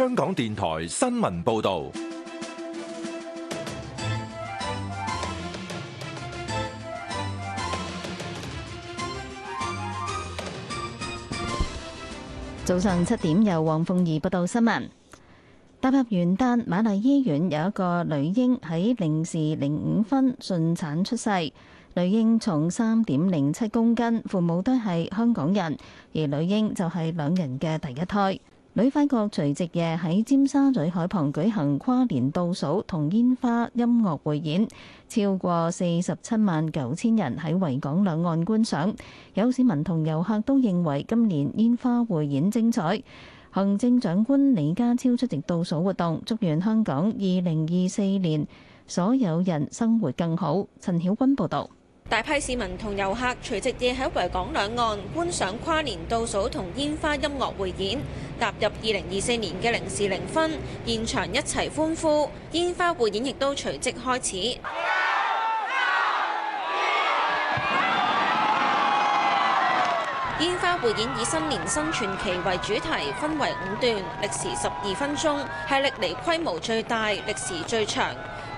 香港電台新聞報道，早上七點由黃鳳儀報道新聞。踏入元旦，瑪麗醫院有一個女嬰喺零時零五分順產出世。女嬰重三點零七公斤，父母都係香港人，而女嬰就係兩人嘅第一胎。旅發局除夕夜喺尖沙咀海旁舉行跨年倒數同煙花音樂匯演，超過四十七萬九千人喺維港兩岸觀賞。有市民同遊客都認為今年煙花匯演精彩。行政長官李家超出席倒數活動，祝願香港二零二四年所有人生活更好。陳曉君報道。大批市民同遊客除夕夜喺維港兩岸觀賞跨年倒數同煙花音樂匯演，踏入二零二四年嘅零時零分，現場一齊歡呼，煙花匯演亦都隨即開始。煙花匯演以新年新傳奇為主題，分為五段，歷時十二分鐘，係歷嚟規模最大、歷時最長。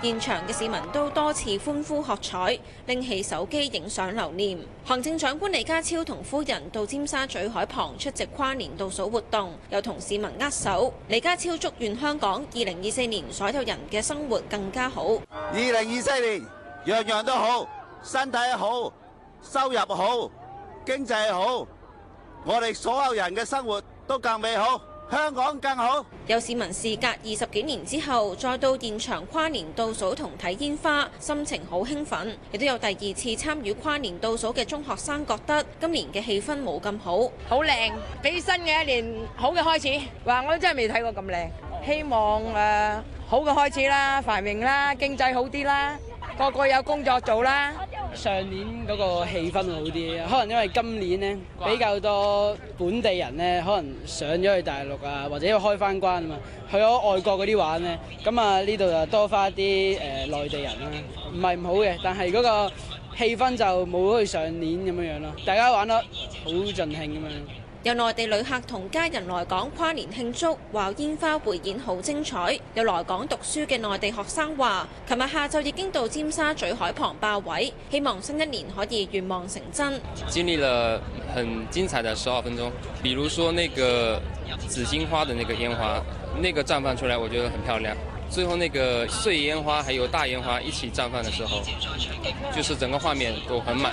現場嘅市民都多次歡呼喝彩，拎起手機影相留念。行政長官李家超同夫人到尖沙咀海旁出席跨年倒數活動，又同市民握手。李家超祝願香港二零二四年所有人嘅生活更加好。二零二四年，樣樣都好，身體好，收入好。經濟好，我哋所有人嘅生活都更美好，香港更好。有市民事隔二十幾年之後，再到現場跨年倒數同睇煙花，心情好興奮。亦都有第二次參與跨年倒數嘅中學生覺得今年嘅氣氛冇咁好，好靚，俾新嘅一年好嘅開始。話我都真係未睇過咁靚，希望誒好嘅開始啦，繁榮啦，經濟好啲啦，個個有工作做啦。上年嗰個氣氛好啲，可能因為今年呢，比較多本地人呢，可能上咗去大陸啊，或者要開返關啊嘛，去咗外國嗰啲玩呢。咁啊呢度就多返啲誒內地人啦、啊，唔係唔好嘅，但係嗰個氣氛就冇去上年咁樣樣、啊、咯，大家玩得好盡興啊嘛～有內地旅客同家人來港跨年慶祝，話煙花匯演好精彩。有來港讀書嘅內地學生話，琴日下晝已經到尖沙咀海旁霸位，希望新一年可以願望成真。經歷了很精彩的十二分鐘，比如說那個紫荊花的那個煙花，那個綻放出來，我覺得很漂亮。最後那個碎煙花，還有大煙花一起綻放的時候，就是整個畫面都很滿。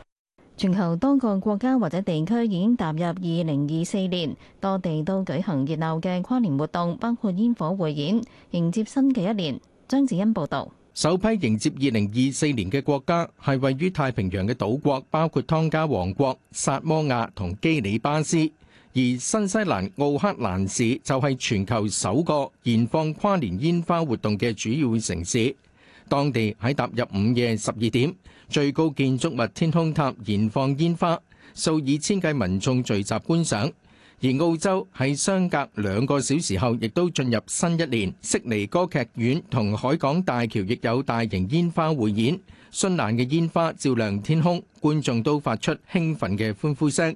全球多個國家或者地區已經踏入二零二四年，多地都舉行熱鬧嘅跨年活動，包括煙火匯演，迎接新嘅一年。張子欣報導。首批迎接二零二四年嘅國家係位於太平洋嘅島國，包括湯加王國、薩摩亞同基里巴斯。而新西蘭奧克蘭市就係全球首個燃放跨年煙花活動嘅主要城市。當地喺踏入午夜十二點，最高建築物天空塔燃放煙花，數以千計民眾聚集觀賞。而澳洲喺相隔兩個小時後，亦都進入新一年。悉尼歌劇院同海港大橋亦有大型煙花匯演，燦爛嘅煙花照亮天空，觀眾都發出興奮嘅歡呼聲。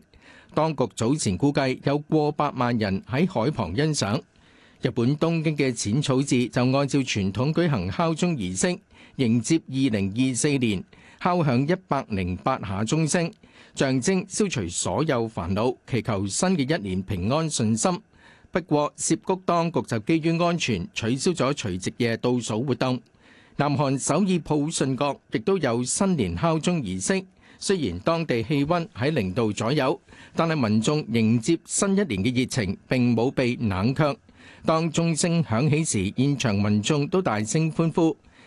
當局早前估計有過百萬人喺海旁欣賞。日本東京嘅淺草寺就按照傳統舉行敲鐘儀式，迎接二零二四年。敲響108下鐘聲，象徵消除所有煩惱，祈求新嘅一年平安順心，不過涉谷當局就基於安全，取消咗除夕夜倒數活動。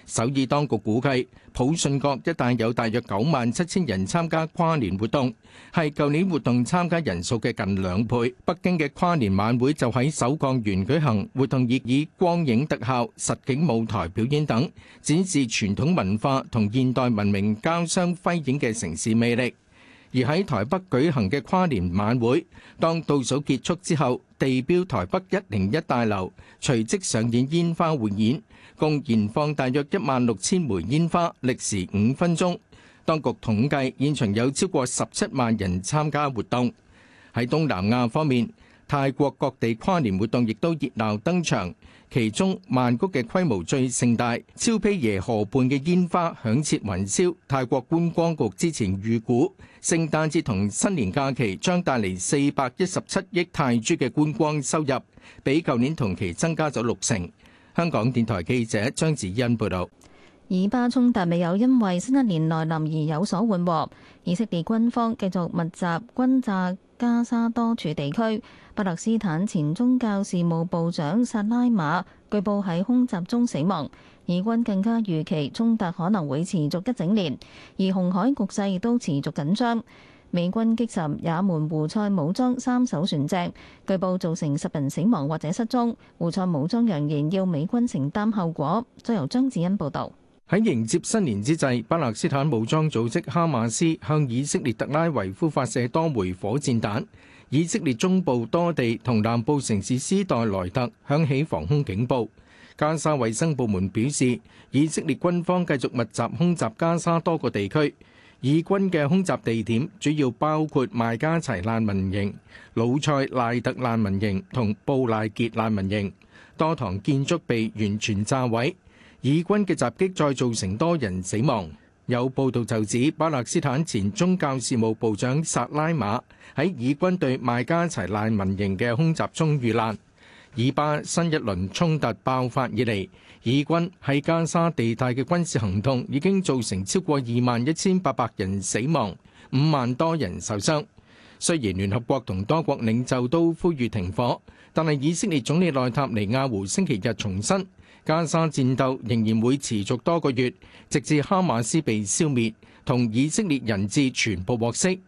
首爾當局估計，普信閣一帶有大約九萬七千人參加跨年活動，係舊年活動參加人數嘅近兩倍。北京嘅跨年晚會就喺首鋼園舉行，活動亦以光影特效、實景舞台表演等展示傳統文化同現代文明交相輝映嘅城市魅力。而喺台北舉行嘅跨年晚會，當倒數結束之後，地標台北一零一大樓隨即上演煙花匯演。共燃放大約一萬六千枚煙花，歷時五分鐘。當局統計現場有超過十七萬人參加活動。喺東南亞方面，泰國各地跨年活動亦都熱鬧登場，其中曼谷嘅規模最盛大，昭披耶河畔嘅煙花響徹雲霄。泰國觀光局之前預估，聖誕節同新年假期將帶嚟四百一十七億泰銖嘅觀光收入，比舊年同期增加咗六成。香港電台記者張子欣報道，以巴衝突未有因為新一年來臨而有所緩和，以色列軍方繼續密集轟炸加沙多處地區。巴勒斯坦前宗教事務部長薩拉馬據報喺空襲中死亡。以軍更加預期衝突可能會持續一整年，而紅海局勢亦都持續緊張。美軍擊沉也門胡塞武裝三艘船隻，據報造成十人死亡或者失蹤。胡塞武裝揚言要美軍承擔後果，再由張子欣報導。喺迎接新年之際，巴勒斯坦武裝組織哈馬斯向以色列特拉維夫發射多枚火箭彈，以色列中部多地同南部城市斯代萊特響起防空警報。加沙衛生部門表示，以色列軍方繼續密集空襲加沙多個地區。以軍嘅空襲地點主要包括邁加齊難民營、魯塞賴特難民營同布賴傑難民營，多幢建築被完全炸毀。以軍嘅襲擊再造成多人死亡。有報道就指巴勒斯坦前宗教事務部長薩拉馬喺以軍對邁加齊難民營嘅空襲中遇難。以巴新一輪衝突爆發以嚟，以軍喺加沙地帶嘅軍事行動已經造成超過二萬一千八百人死亡，五萬多人受傷。雖然聯合國同多國領袖都呼籲停火，但係以色列總理內塔尼亞胡星期日重申，加沙戰鬥仍然會持續多個月，直至哈馬斯被消滅，同以色列人質全部獲釋。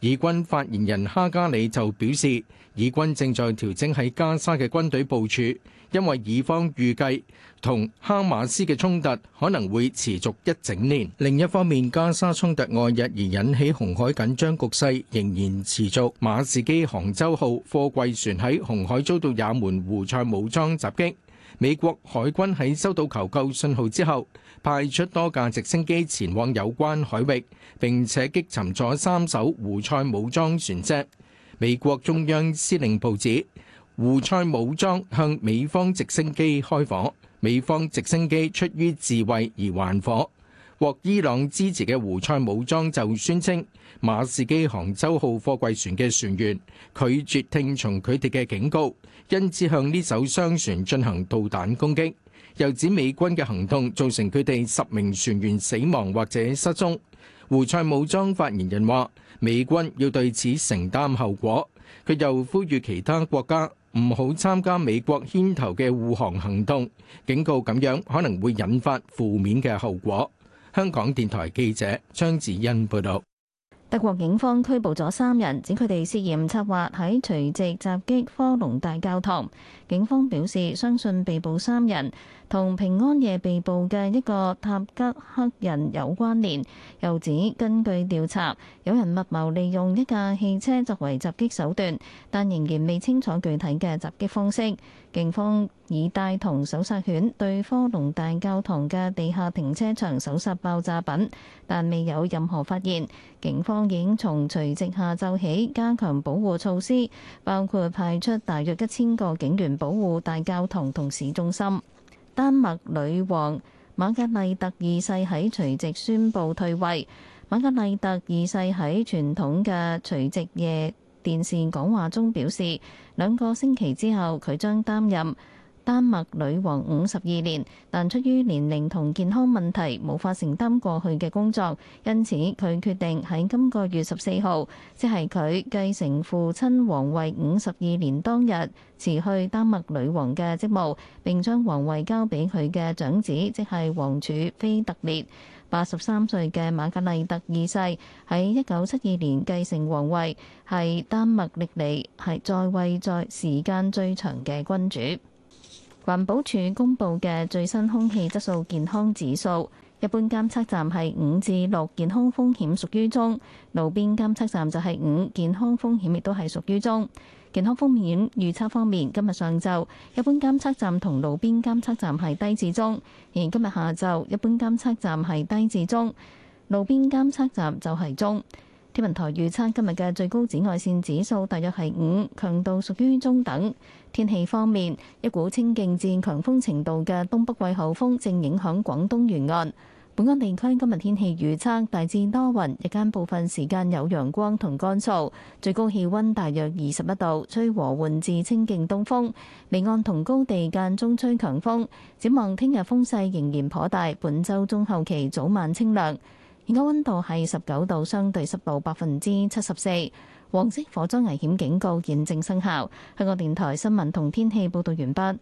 以軍發言人哈加里就表示，以軍正在調整喺加沙嘅軍隊部署，因為以方預計同哈馬斯嘅衝突可能會持續一整年。另一方面，加沙衝突外日而引起紅海緊張局勢仍然持續，馬士基杭州號貨櫃船喺紅海遭到也門胡塞武裝襲擊。美國海軍喺收到求救信號之後，派出多架直升機前往有關海域，並且擊沉咗三艘胡塞武裝船隻。美國中央司令部指，胡塞武裝向美方直升機開火，美方直升機出於自衛而還火。獲伊朗支持嘅胡塞武裝就宣稱，馬士基杭州號貨櫃船嘅船員拒絕聽從佢哋嘅警告。因此向呢艘商船進行導彈攻擊，又指美軍嘅行動造成佢哋十名船員死亡或者失蹤。胡塞武裝發言人話：美軍要對此承擔後果，佢又呼籲其他國家唔好參加美國牽頭嘅護航行動，警告咁樣可能會引發負面嘅後果。香港電台記者張子欣報道。德國警方拘捕咗三人，指佢哋涉嫌策劃喺除夕襲擊科隆大教堂。警方表示，相信被捕三人，同平安夜被捕嘅一個塔吉克人有關聯，又指根據調查，有人密謀利用一架汽車作為襲擊手段，但仍然未清楚具體嘅襲擊方式。警方已帶同搜殺犬對科隆大教堂嘅地下停車場搜殺爆炸品，但未有任何發現，警方已經從除夕下晝起加強保護措施，包括派出大約一千個警員保護大教堂同市中心。丹麥女王瑪格麗特二世喺除夕宣布退位。瑪格麗特二世喺傳統嘅除夕夜電視講話中表示，兩個星期之後佢將擔任。丹麥女王五十二年，但出於年齡同健康問題，無法承擔過去嘅工作，因此佢決定喺今個月十四號，即係佢繼承父親王位五十二年當日辭去丹麥女王嘅職務，並將王位交俾佢嘅長子，即係王儲菲特烈。八十三歲嘅瑪格麗特二世喺一九七二年繼承王位，係丹麥歷嚟係在位在時間最長嘅君主。環保署公布嘅最新空氣質素健康指數，一般監測站係五至六，健康風險屬於中；路邊監測站就係五，健康風險亦都係屬於中。健康風險預測方面，今日上晝一般監測站同路邊監測站係低至中，而今日下晝一般監測站係低至中，路邊監測站就係中。天文台預測今日嘅最高紫外線指數大約係五，強度屬於中等。天氣方面，一股清勁至強風程度嘅東北季候風正影響廣東沿岸。本港地區今日天氣預測大致多雲，日間部分時間有陽光同乾燥，最高氣温大約二十一度，吹和緩至清勁東風。離岸同高地間中吹強風。展望聽日風勢仍然頗大，本週中後期早晚清涼。而家溫度係十九度，相對濕度百分之七十四。黃色火災危險警告現正生效。香港電台新聞同天氣報道完畢。